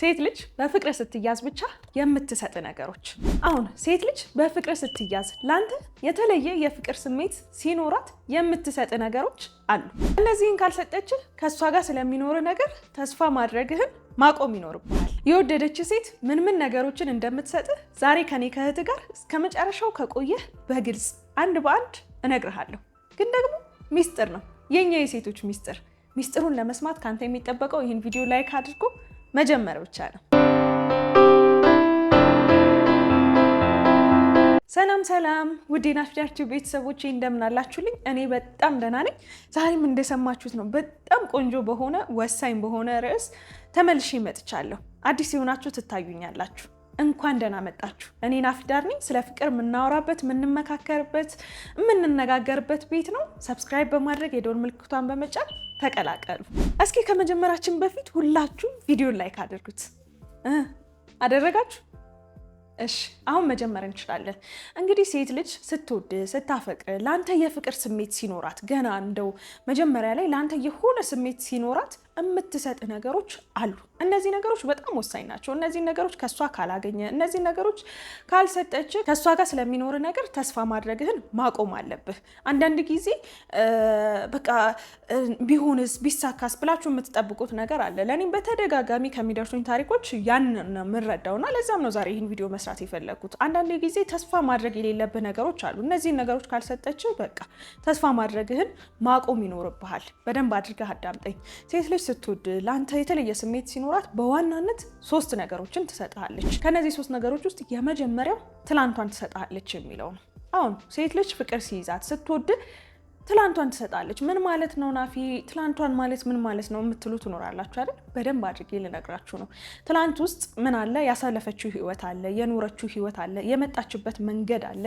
ሴት ልጅ በፍቅር ስትያዝ ብቻ የምትሰጥ ነገሮች። አሁን ሴት ልጅ በፍቅር ስትያዝ ለአንተ የተለየ የፍቅር ስሜት ሲኖራት የምትሰጥ ነገሮች አሉ። እነዚህን ካልሰጠች ከእሷ ጋር ስለሚኖር ነገር ተስፋ ማድረግህን ማቆም ይኖርብሃል። የወደደች ሴት ምን ምን ነገሮችን እንደምትሰጥህ ዛሬ ከኔ ከእህት ጋር እስከ መጨረሻው ከቆየህ በግልጽ አንድ በአንድ እነግርሃለሁ። ግን ደግሞ ሚስጥር ነው፣ የእኛ የሴቶች ሚስጥር። ሚስጥሩን ለመስማት ከአንተ የሚጠበቀው ይህን ቪዲዮ ላይክ አድርጎ መጀመር ብቻ ነው። ሰላም ሰላም ውዴ ናፊዳችሁ ቤተሰቦቼ እንደምናላችሁልኝ። እኔ በጣም ደህና ነኝ። ዛሬም እንደሰማችሁት ነው በጣም ቆንጆ በሆነ ወሳኝ በሆነ ርዕስ ተመልሼ መጥቻለሁ። አዲስ የሆናችሁ ትታዩኛላችሁ። እንኳን ደህና መጣችሁ። እኔ ናፊዳር ነኝ። ስለ ፍቅር የምናወራበት የምንመካከርበት፣ የምንነጋገርበት ቤት ነው። ሰብስክራይብ በማድረግ የደወል ምልክቷን በመጫን ተቀላቀሉ። እስኪ ከመጀመራችን በፊት ሁላችሁ ቪዲዮ ላይክ አድርጉት። አደረጋችሁ? እሺ፣ አሁን መጀመር እንችላለን። እንግዲህ ሴት ልጅ ስትወድ ስታፈቅር፣ ለአንተ የፍቅር ስሜት ሲኖራት፣ ገና እንደው መጀመሪያ ላይ ለአንተ የሆነ ስሜት ሲኖራት የምትሰጥ ነገሮች አሉ እነዚህ ነገሮች በጣም ወሳኝ ናቸው። እነዚህ ነገሮች ከእሷ ካላገኘ፣ እነዚህ ነገሮች ካልሰጠች፣ ከእሷ ጋር ስለሚኖር ነገር ተስፋ ማድረግህን ማቆም አለብህ። አንዳንድ ጊዜ በቃ ቢሆንስ ቢሳካስ ብላችሁ የምትጠብቁት ነገር አለ። ለእኔም በተደጋጋሚ ከሚደርሱኝ ታሪኮች ያን ነው የምንረዳውና ለዛም ነው ዛሬ ይህን ቪዲዮ መስራት የፈለግኩት። አንዳንድ ጊዜ ተስፋ ማድረግ የሌለብህ ነገሮች አሉ። እነዚህን ነገሮች ካልሰጠች፣ በቃ ተስፋ ማድረግህን ማቆም ይኖርብሃል። በደንብ አድርገህ አዳምጠኝ። ሴት ልጅ ስትወድ ለአንተ የተለየ ስሜት ሲኖር ማውራት በዋናነት ሶስት ነገሮችን ትሰጥሃለች። ከነዚህ ሶስት ነገሮች ውስጥ የመጀመሪያው ትላንቷን ትሰጥሃለች የሚለው ነው። አሁን ሴት ልጅ ፍቅር ሲይዛት ስትወድ ትላንቷን ትሰጣለች። ምን ማለት ነው ናፊ? ትላንቷን ማለት ምን ማለት ነው የምትሉ ትኖራላችሁ አይደል? በደንብ አድርጌ ልነግራችሁ ነው። ትላንት ውስጥ ምን አለ? ያሳለፈችው ህይወት አለ፣ የኖረችው ህይወት አለ፣ የመጣችበት መንገድ አለ፣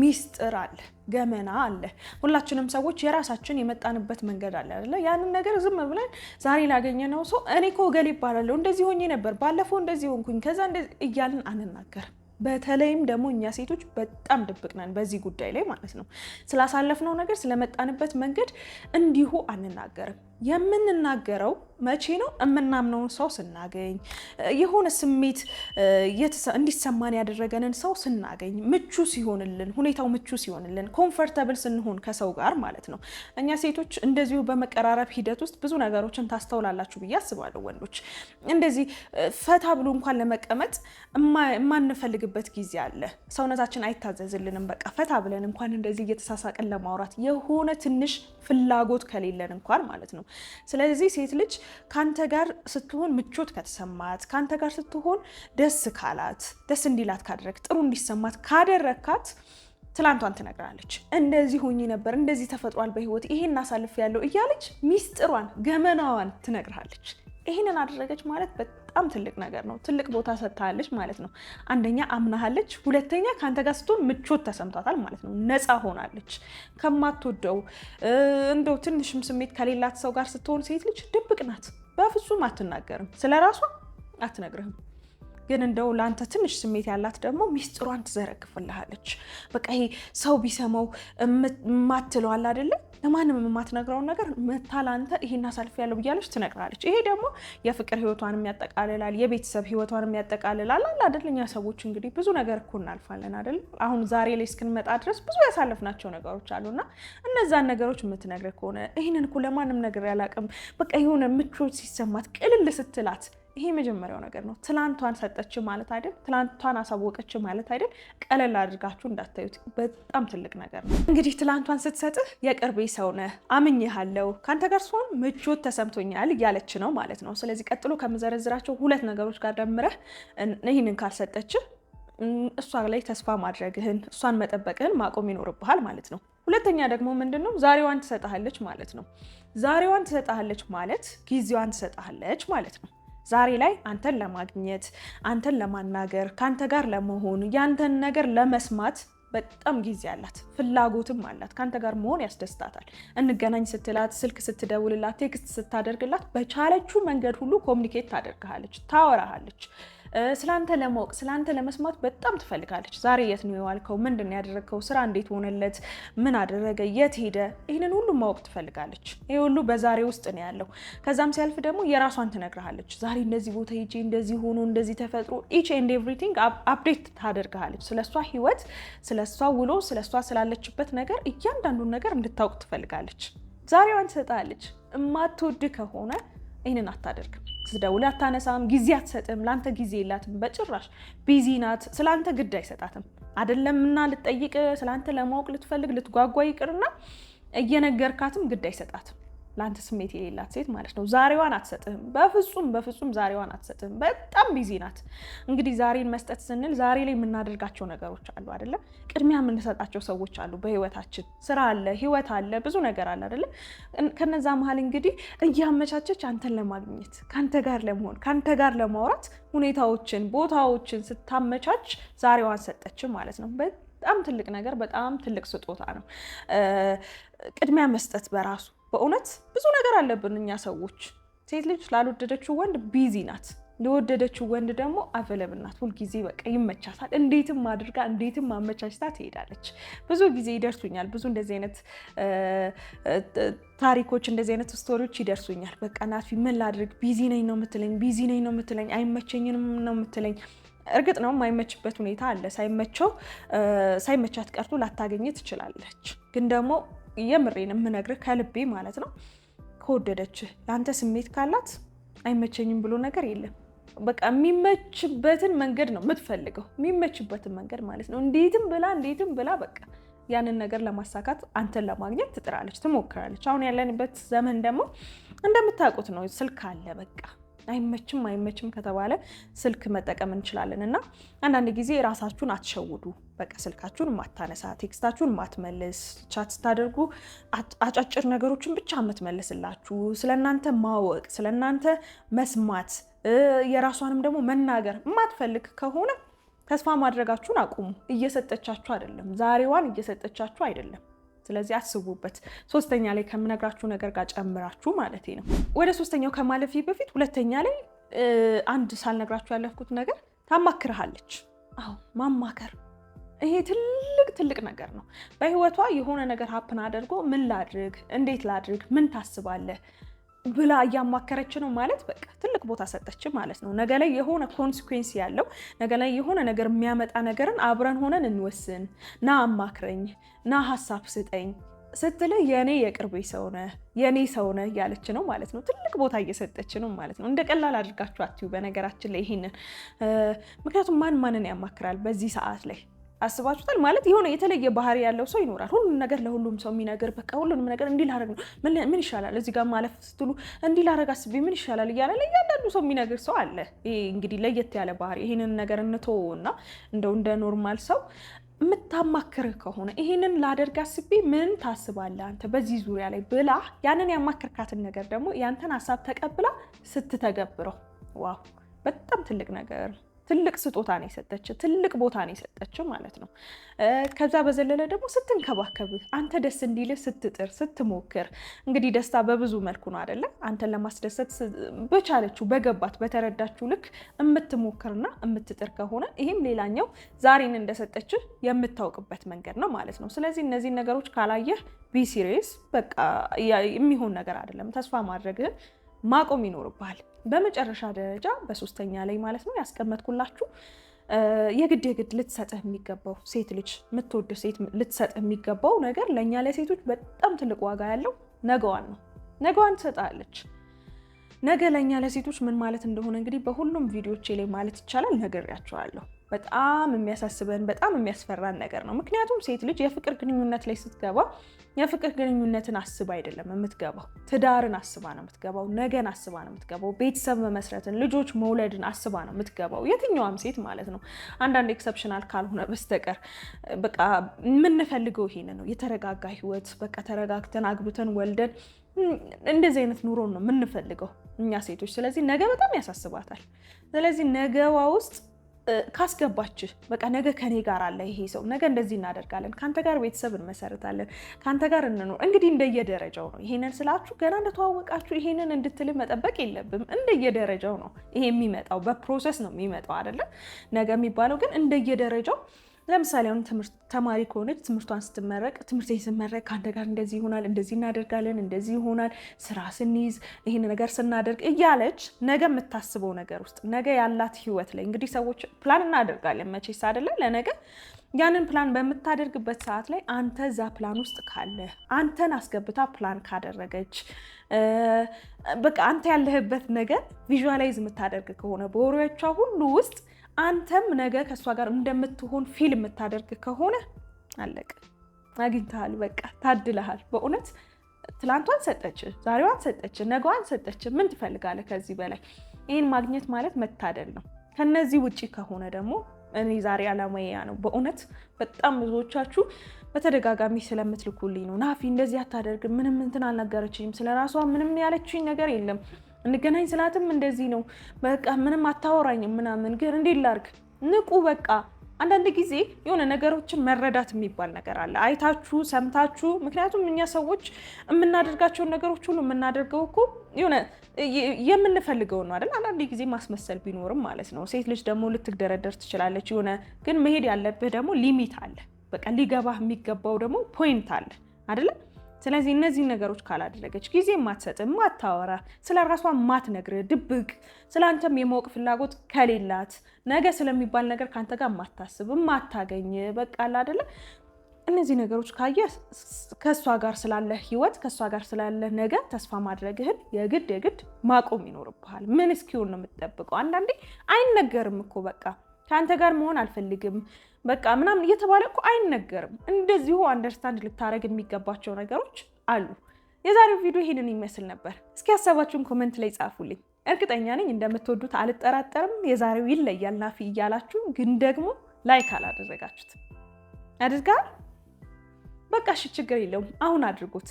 ሚስጥር አለ፣ ገመና አለ። ሁላችንም ሰዎች የራሳችን የመጣንበት መንገድ አለ አይደለ? ያንን ነገር ዝም ብለን ዛሬ ነው ሰው እኔ እኮ እገሌ ይባላለሁ፣ እንደዚህ ሆኜ ነበር፣ ባለፈው እንደዚህ ሆንኩኝ፣ ከዛ እያልን አንናገርም። በተለይም ደግሞ እኛ ሴቶች በጣም ድብቅ ነን በዚህ ጉዳይ ላይ ማለት ነው። ስላሳለፍነው ነገር ስለመጣንበት መንገድ እንዲሁ አንናገርም። የምንናገረው መቼ ነው? የምናምነውን ሰው ስናገኝ፣ የሆነ ስሜት እንዲሰማን ያደረገንን ሰው ስናገኝ፣ ምቹ ሲሆንልን፣ ሁኔታው ምቹ ሲሆንልን፣ ኮምፈርተብል ስንሆን ከሰው ጋር ማለት ነው። እኛ ሴቶች እንደዚሁ በመቀራረብ ሂደት ውስጥ ብዙ ነገሮችን ታስተውላላችሁ ብዬ አስባለሁ። ወንዶች እንደዚህ ፈታ ብሎ እንኳን ለመቀመጥ የማንፈልግበት ጊዜ አለ። ሰውነታችን አይታዘዝልንም። በቃ ፈታ ብለን እንኳን እንደዚህ እየተሳሳቅን ለማውራት የሆነ ትንሽ ፍላጎት ከሌለን እንኳን ማለት ነው ነው። ስለዚህ ሴት ልጅ ከአንተ ጋር ስትሆን ምቾት ከተሰማት፣ ከአንተ ጋር ስትሆን ደስ ካላት፣ ደስ እንዲላት ካደረግ፣ ጥሩ እንዲሰማት ካደረግካት ትላንቷን ትነግራለች። እንደዚህ ሆኝ ነበር፣ እንደዚህ ተፈጥሯል በህይወት ይሄን አሳልፍ ያለው እያለች ሚስጥሯን ገመናዋን ትነግራለች። ይህንን አደረገች ማለት በጣም ትልቅ ነገር ነው። ትልቅ ቦታ ሰጥታለች ማለት ነው። አንደኛ አምናሃለች፣ ሁለተኛ ከአንተ ጋር ስትሆን ምቾት ተሰምቷታል ማለት ነው። ነፃ ሆናለች። ከማትወደው እንደው ትንሽም ስሜት ከሌላት ሰው ጋር ስትሆን ሴት ልጅ ድብቅ ናት። በፍጹም አትናገርም፣ ስለ ራሷ አትነግርህም። ግን እንደው ለአንተ ትንሽ ስሜት ያላት ደግሞ ሚስጥሯን ትዘረግፍልሃለች። በቃ ይሄ ሰው ቢሰማው የማትለዋል አይደለም ለማንም የማትነግረውን ነገር መታ ላንተ ይሄን አሳልፍ ያለው ብያለች ትነግራለች። ይሄ ደግሞ የፍቅር ህይወቷን የሚያጠቃልላል፣ የቤተሰብ ህይወቷን የሚያጠቃልላል። አለ አደለኛ ሰዎች እንግዲህ ብዙ ነገር እኮ እናልፋለን አደለ። አሁን ዛሬ ላይ እስክንመጣ ድረስ ብዙ ያሳለፍናቸው ነገሮች አሉና እነዛን ነገሮች የምትነግር ከሆነ ይህንን እኮ ለማንም ነገር ያላቅም በቃ የሆነ ምቾት ሲሰማት ቅልል ስትላት ይሄ የመጀመሪያው ነገር ነው። ትላንቷን ሰጠች ማለት አይደል፣ ትላንቷን አሳወቀች ማለት አይደል። ቀለል አድርጋችሁ እንዳታዩት፣ በጣም ትልቅ ነገር ነው። እንግዲህ ትላንቷን ስትሰጥህ የቅርቤ ሰው ነህ፣ አምኜሃለሁ፣ ከአንተ ጋር ስሆን ምቾት ተሰምቶኛል እያለች ነው ማለት ነው። ስለዚህ ቀጥሎ ከምዘረዝራቸው ሁለት ነገሮች ጋር ደምረህ ይህንን ካልሰጠችህ እሷ ላይ ተስፋ ማድረግህን እሷን መጠበቅህን ማቆም ይኖርብሃል ማለት ነው። ሁለተኛ ደግሞ ምንድን ነው? ዛሬዋን ትሰጥሃለች ማለት ነው። ዛሬዋን ትሰጥሃለች ማለት ጊዜዋን ትሰጥሃለች ማለት ነው። ዛሬ ላይ አንተን ለማግኘት አንተን ለማናገር ከአንተ ጋር ለመሆን ያንተን ነገር ለመስማት በጣም ጊዜ አላት፣ ፍላጎትም አላት። ከአንተ ጋር መሆን ያስደስታታል። እንገናኝ ስትላት፣ ስልክ ስትደውልላት፣ ቴክስት ስታደርግላት በቻለችው መንገድ ሁሉ ኮሚኒኬት ታደርግሃለች፣ ታወራሃለች። ስላንተ ለማወቅ ስላንተ ለመስማት በጣም ትፈልጋለች። ዛሬ የት ነው የዋልከው? ምንድን ያደረግከው? ስራ እንዴት ሆነለት? ምን አደረገ? የት ሄደ? ይህንን ሁሉ ማወቅ ትፈልጋለች። ይህ ሁሉ በዛሬ ውስጥ ነው ያለው። ከዛም ሲያልፍ ደግሞ የራሷን ትነግርሃለች። ዛሬ እንደዚህ ቦታ ሄጄ እንደዚህ ሆኖ እንደዚህ ተፈጥሮ ኢች ኤንድ ኤቭሪቲንግ አፕዴት ታደርግሃለች። ስለሷ ህይወት፣ ስለሷ ውሎ፣ ስለሷ ስላለችበት ነገር እያንዳንዱን ነገር እንድታውቅ ትፈልጋለች። ዛሬዋን ትሰጣለች። እማትወድ ከሆነ ይህንን አታደርግም። ስደውልህ አታነሳም፣ ጊዜ አትሰጥም፣ ለአንተ ጊዜ የላትም በጭራሽ። ቢዚ ናት፣ አንተ ግድ አይሰጣትም። አይደለምና ልትጠይቅ አንተ ለማወቅ ልትፈልግ ልትጓጓ ይቅርና እየነገርካትም ግድ አይሰጣትም። ለአንተ ስሜት የሌላት ሴት ማለት ነው። ዛሬዋን አትሰጥህም። በፍጹም በፍጹም ዛሬዋን አትሰጥህም። በጣም ቢዚ ናት። እንግዲህ ዛሬን መስጠት ስንል ዛሬ ላይ የምናደርጋቸው ነገሮች አሉ አይደለ? ቅድሚያ የምንሰጣቸው ሰዎች አሉ በህይወታችን። ስራ አለ፣ ህይወት አለ፣ ብዙ ነገር አለ አይደለም? ከነዛ መሀል እንግዲህ እያመቻቸች አንተን ለማግኘት ከአንተ ጋር ለመሆን ከአንተ ጋር ለማውራት ሁኔታዎችን፣ ቦታዎችን ስታመቻች ዛሬዋን ሰጠች ማለት ነው። በጣም ትልቅ ነገር፣ በጣም ትልቅ ስጦታ ነው። ቅድሚያ መስጠት በራሱ በእውነት ብዙ ነገር አለብን እኛ ሰዎች። ሴት ልጅ ላልወደደችው ወንድ ቢዚ ናት፣ ለወደደችው ወንድ ደግሞ አቬለብል ናት። ሁልጊዜ በቃ ይመቻታል። እንዴትም አድርጋ እንዴትም አመቻችታ ትሄዳለች። ብዙ ጊዜ ይደርሱኛል። ብዙ እንደዚህ አይነት ታሪኮች፣ እንደዚህ አይነት ስቶሪዎች ይደርሱኛል። በቃ ናፊ ምን ላድርግ? ቢዚ ነኝ ነው የምትለኝ፣ ቢዚ ነኝ ነው የምትለኝ፣ አይመቸኝንም ነው የምትለኝ እርግጥ ነው የማይመችበት ሁኔታ አለ። ሳይመቸው ሳይመቻት ቀርቶ ላታገኘ ትችላለች። ግን ደግሞ የምሬን የምነግርህ ከልቤ ማለት ነው። ከወደደችህ ለአንተ ስሜት ካላት አይመቸኝም ብሎ ነገር የለም። በቃ የሚመችበትን መንገድ ነው የምትፈልገው፣ የሚመችበትን መንገድ ማለት ነው። እንዴትም ብላ እንዴትም ብላ በቃ ያንን ነገር ለማሳካት አንተን ለማግኘት ትጥራለች፣ ትሞክራለች። አሁን ያለንበት ዘመን ደግሞ እንደምታውቁት ነው፣ ስልክ አለ በቃ አይመችም አይመችም ከተባለ ስልክ መጠቀም እንችላለን እና አንዳንድ ጊዜ ራሳችሁን አትሸውዱ። በቃ ስልካችሁን ማታነሳ፣ ቴክስታችሁን ማትመልስ፣ ቻት ስታደርጉ አጫጭር ነገሮችን ብቻ የምትመልስላችሁ ስለእናንተ ማወቅ ስለእናንተ መስማት የራሷንም ደግሞ መናገር የማትፈልግ ከሆነ ተስፋ ማድረጋችሁን አቁሙ። እየሰጠቻችሁ አይደለም፣ ዛሬዋን እየሰጠቻችሁ አይደለም። ስለዚህ አስቡበት። ሶስተኛ ላይ ከምነግራችሁ ነገር ጋር ጨምራችሁ ማለት ነው። ወደ ሶስተኛው ከማለፊ በፊት ሁለተኛ ላይ አንድ ሳልነግራችሁ ያለፍኩት ነገር ታማክርሃለች። አዎ ማማከር፣ ይሄ ትልቅ ትልቅ ነገር ነው። በህይወቷ የሆነ ነገር ሀፕን አድርጎ ምን ላድርግ፣ እንዴት ላድርግ፣ ምን ታስባለህ ብላ እያማከረች ነው ማለት በቃ ትልቅ ቦታ ሰጠች ማለት ነው። ነገ ላይ የሆነ ኮንሲኩዌንስ ያለው ነገ ላይ የሆነ ነገር የሚያመጣ ነገርን አብረን ሆነን እንወስን፣ ና አማክረኝ፣ ና ሀሳብ ስጠኝ ስትል የእኔ የቅርቤ ሰው ነህ የእኔ ሰው ነህ እያለች ነው ማለት ነው። ትልቅ ቦታ እየሰጠች ነው ማለት ነው። እንደ ቀላል አድርጋችሁ አትዩ በነገራችን ላይ ይሄንን፣ ምክንያቱም ማን ማንን ያማክራል በዚህ ሰዓት ላይ አስባችሁታል? ማለት የሆነ የተለየ ባህሪ ያለው ሰው ይኖራል። ሁሉም ነገር ለሁሉም ሰው የሚነግር በቃ ሁሉንም ነገር እንዲህ ላረግ ነው ምን ይሻላል፣ እዚህ ጋር ማለፍ ስትሉ እንዲህ ላረግ አስቤ ምን ይሻላል እያለ ለእያንዳንዱ ሰው የሚነግር ሰው አለ። ይሄ እንግዲህ ለየት ያለ ባህሪ ይህንን ነገር እንቶ እና እንደው እንደ ኖርማል ሰው የምታማክርህ ከሆነ ይህንን ላደርግ አስቤ ምን ታስባለህ አንተ በዚህ ዙሪያ ላይ ብላ ያንን ያማክርካትን ነገር ደግሞ ያንተን ሀሳብ ተቀብላ ስትተገብረው ዋው በጣም ትልቅ ነገር ትልቅ ስጦታ ነው የሰጠች፣ ትልቅ ቦታ ነው የሰጠችው ማለት ነው። ከዛ በዘለለ ደግሞ ስትንከባከብህ፣ አንተ ደስ እንዲልህ ስትጥር፣ ስትሞክር እንግዲህ ደስታ በብዙ መልኩ ነው አይደለም። አንተን ለማስደሰት በቻለችው፣ በገባት፣ በተረዳችው ልክ የምትሞክርና የምትጥር ከሆነ ይህም ሌላኛው ዛሬን እንደሰጠችህ የምታውቅበት መንገድ ነው ማለት ነው። ስለዚህ እነዚህን ነገሮች ካላየህ ቢሲሪየስ በቃ የሚሆን ነገር አይደለም ተስፋ ማድረግህን ማቆም ይኖርብሃል። በመጨረሻ ደረጃ በሶስተኛ ላይ ማለት ነው ያስቀመጥኩላችሁ የግድ የግድ ልትሰጥህ የሚገባው ሴት ልጅ የምትወድ ሴት ልትሰጥህ የሚገባው ነገር ለእኛ ለሴቶች በጣም ትልቅ ዋጋ ያለው ነገዋን ነው። ነገዋን ትሰጣለች። ነገ ለእኛ ለሴቶች ምን ማለት እንደሆነ እንግዲህ በሁሉም ቪዲዮቼ ላይ ማለት ይቻላል ነግሬያቸዋለሁ። በጣም የሚያሳስበን በጣም የሚያስፈራን ነገር ነው። ምክንያቱም ሴት ልጅ የፍቅር ግንኙነት ላይ ስትገባ የፍቅር ግንኙነትን አስብ አይደለም የምትገባው፣ ትዳርን አስባ ነው የምትገባው፣ ነገን አስባ ነው የምትገባው፣ ቤተሰብ መመስረትን፣ ልጆች መውለድን አስባ ነው የምትገባው። የትኛዋም ሴት ማለት ነው፣ አንዳንድ ኤክሰፕሽናል ካልሆነ በስተቀር በቃ የምንፈልገው ይሄን ነው፣ የተረጋጋ ህይወት። በቃ ተረጋግተን አግብተን ወልደን እንደዚህ አይነት ኑሮን ነው የምንፈልገው እኛ ሴቶች። ስለዚህ ነገ በጣም ያሳስባታል። ስለዚህ ነገዋ ውስጥ ካስገባችህ በቃ ነገ ከኔ ጋር አለ ይሄ ሰው፣ ነገ እንደዚህ እናደርጋለን፣ ከአንተ ጋር ቤተሰብ እንመሰርታለን፣ ከአንተ ጋር እንኖር። እንግዲህ እንደየደረጃው ነው። ይሄንን ስላችሁ ገና እንደተዋወቃችሁ ይሄንን እንድትል መጠበቅ የለብም። እንደየደረጃው ነው ይሄ የሚመጣው፣ በፕሮሰስ ነው የሚመጣው አይደለም። ነገ የሚባለው ግን እንደየደረጃው ለምሳሌ አሁን ተማሪ ከሆነች ትምህርቷን ስትመረቅ ትምህርት ስመረቅ ከአንተ ጋር እንደዚህ ይሆናል፣ እንደዚህ እናደርጋለን፣ እንደዚህ ይሆናል፣ ስራ ስንይዝ ይህን ነገር ስናደርግ እያለች ነገ የምታስበው ነገር ውስጥ ነገ ያላት ህይወት ላይ እንግዲህ ሰዎች ፕላን እናደርጋለን መቼ ሳደለ ለነገ ያንን ፕላን በምታደርግበት ሰዓት ላይ አንተ እዛ ፕላን ውስጥ ካለ አንተን አስገብታ ፕላን ካደረገች በቃ አንተ ያለህበት ነገር ቪዥዋላይዝ የምታደርግ ከሆነ በወሬዎቿ ሁሉ ውስጥ አንተም ነገ ከእሷ ጋር እንደምትሆን ፊል የምታደርግ ከሆነ አለቀ። አግኝተሃል፣ በቃ ታድለሃል። በእውነት ትላንቷን ሰጠች፣ ዛሬዋን ሰጠች፣ ነገዋን ሰጠች። ምን ትፈልጋለህ ከዚህ በላይ? ይህን ማግኘት ማለት መታደል ነው። ከነዚህ ውጪ ከሆነ ደግሞ እኔ ዛሬ አላማያ ነው። በእውነት በጣም ብዙዎቻችሁ በተደጋጋሚ ስለምትልኩልኝ ነው። ናፊ እንደዚህ አታደርግም፣ ምንም እንትን አልነገረችኝም፣ ስለራሷ ምንም ያለችኝ ነገር የለም እንገናኝ ስላትም እንደዚህ ነው በቃ ምንም አታወራኝም ምናምን። ግን እንዴት ላርግ? ንቁ በቃ አንዳንድ ጊዜ የሆነ ነገሮችን መረዳት የሚባል ነገር አለ። አይታችሁ ሰምታችሁ፣ ምክንያቱም እኛ ሰዎች የምናደርጋቸውን ነገሮች ሁሉ የምናደርገው እኮ የሆነ የምንፈልገው ነው አይደል? አንዳንድ ጊዜ ማስመሰል ቢኖርም ማለት ነው። ሴት ልጅ ደግሞ ልትግደረደር ትችላለች። የሆነ ግን መሄድ ያለብህ ደግሞ ሊሚት አለ። በቃ ሊገባህ የሚገባው ደግሞ ፖይንት አለ አይደለም ስለዚህ እነዚህን ነገሮች ካላደረገች ጊዜ ማትሰጥ፣ ማታወራ፣ ስለ ራሷ ማትነግር፣ ድብቅ ስለ አንተም የማወቅ ፍላጎት ከሌላት ነገ ስለሚባል ነገር ከአንተ ጋር ማታስብ፣ ማታገኝ በቃ አላደለ እነዚህ ነገሮች ካየ ከእሷ ጋር ስላለ ህይወት ከእሷ ጋር ስላለ ነገ ተስፋ ማድረግህን የግድ የግድ ማቆም ይኖርብሃል። ምን እስኪሆን ነው የምትጠብቀው? አንዳንዴ አይነገርም እኮ በቃ ከአንተ ጋር መሆን አልፈልግም በቃ ምናምን እየተባለ እኮ አይነገርም። እንደዚሁ አንደርስታንድ ልታደረግ የሚገባቸው ነገሮች አሉ። የዛሬው ቪዲዮ ይህንን ይመስል ነበር። እስኪ ሀሳባችሁን ኮመንት ላይ ጻፉልኝ። እርግጠኛ ነኝ እንደምትወዱት አልጠራጠርም። የዛሬው ይለያል ናፊ እያላችሁ ግን ደግሞ ላይክ አላደረጋችሁት አድርጋ በቃ እሺ፣ ችግር የለውም አሁን አድርጉት።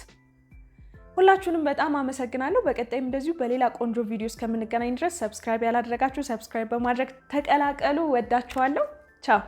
ሁላችሁንም በጣም አመሰግናለሁ። በቀጣይም እንደዚሁ በሌላ ቆንጆ ቪዲዮ እስከምንገናኝ ድረስ ሰብስክራይብ ያላደረጋችሁ ሰብስክራይብ በማድረግ ተቀላቀሉ። ወዳችኋለሁ። ቻው